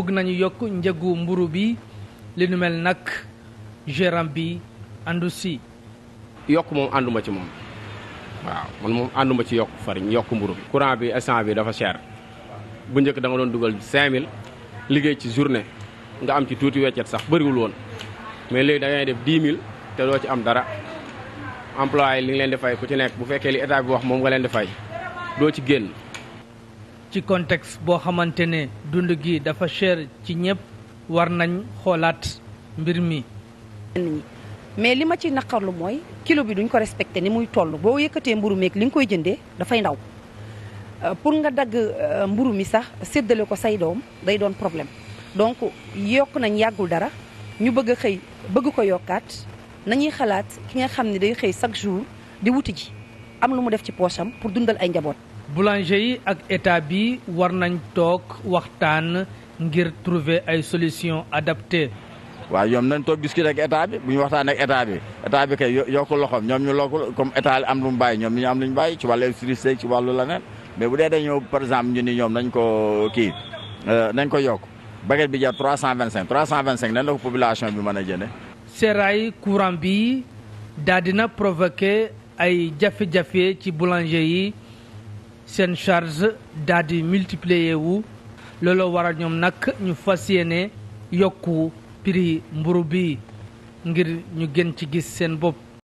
bëgg nañu yokk njëgu mburu bi li nu mel nag gérant bi àndu si. yokk moom ànduma ci moom waaw man moom ànduma ci yokk farine yokk mburu bi. courant bi essence bi dafa cher bu njëkk da doon dugal 5000 liggéey ci journée nga am ci tuuti weccet sax bëriwul woon mais léegi da ngay def 10 te doo ci am dara employé li nga leen di fay ku ci nekk bu fekkee li état bi wax moom nga leen di fay doo ci génn. ci contexte boo xamante ne dund gi dafa cher ci ñëpp war nañ xoolaat mbir mi. mais li ma ci naqarlu mooy kilo bi duñ ko respecté ni muy toll boo yëkkatee mburu meeg li nga koy jëndee dafay ndaw euh, pour nga dagg euh, mburu mi sax séddale ko say doom day doon problème donc yokk nañ yàggul dara ñu bëgg xëy bëgg ko yokkaat nañuy xalaat ki nga xam ne day xëy chaque jour di wuti ji am lu mu def ci poosam pour dundal ay njaboot. boulanger yi ak état bi war nañ toog waxtaan ngir trouver ay solution adaptée waa ñoom nañ toog discuter ak état bi bu ñu waxtaan ak état bi état bi kay yokku loxoom ñoom ñu lokku comme état am lu mu bàyyi ñoom ñu am lu ñu bàyyi ci wàllu électricité ci wàllu leneen mais bu dee dañoo par exemple ñu ni ñoom nañ ko kii euh, nañ ko yokk baguette bi jar trois cent vingt cinq trois cent vingt cinq nan la ko population bi mën a jëndee. seeraay courant bi daal dina provoqué ay jafe-jafe ci boulanger yi. seen charge daal di multiplier wu looloo waral ñoom nag ñu fas yéene yokku prix mburu bi ngir ñu gën ci gis seen bopp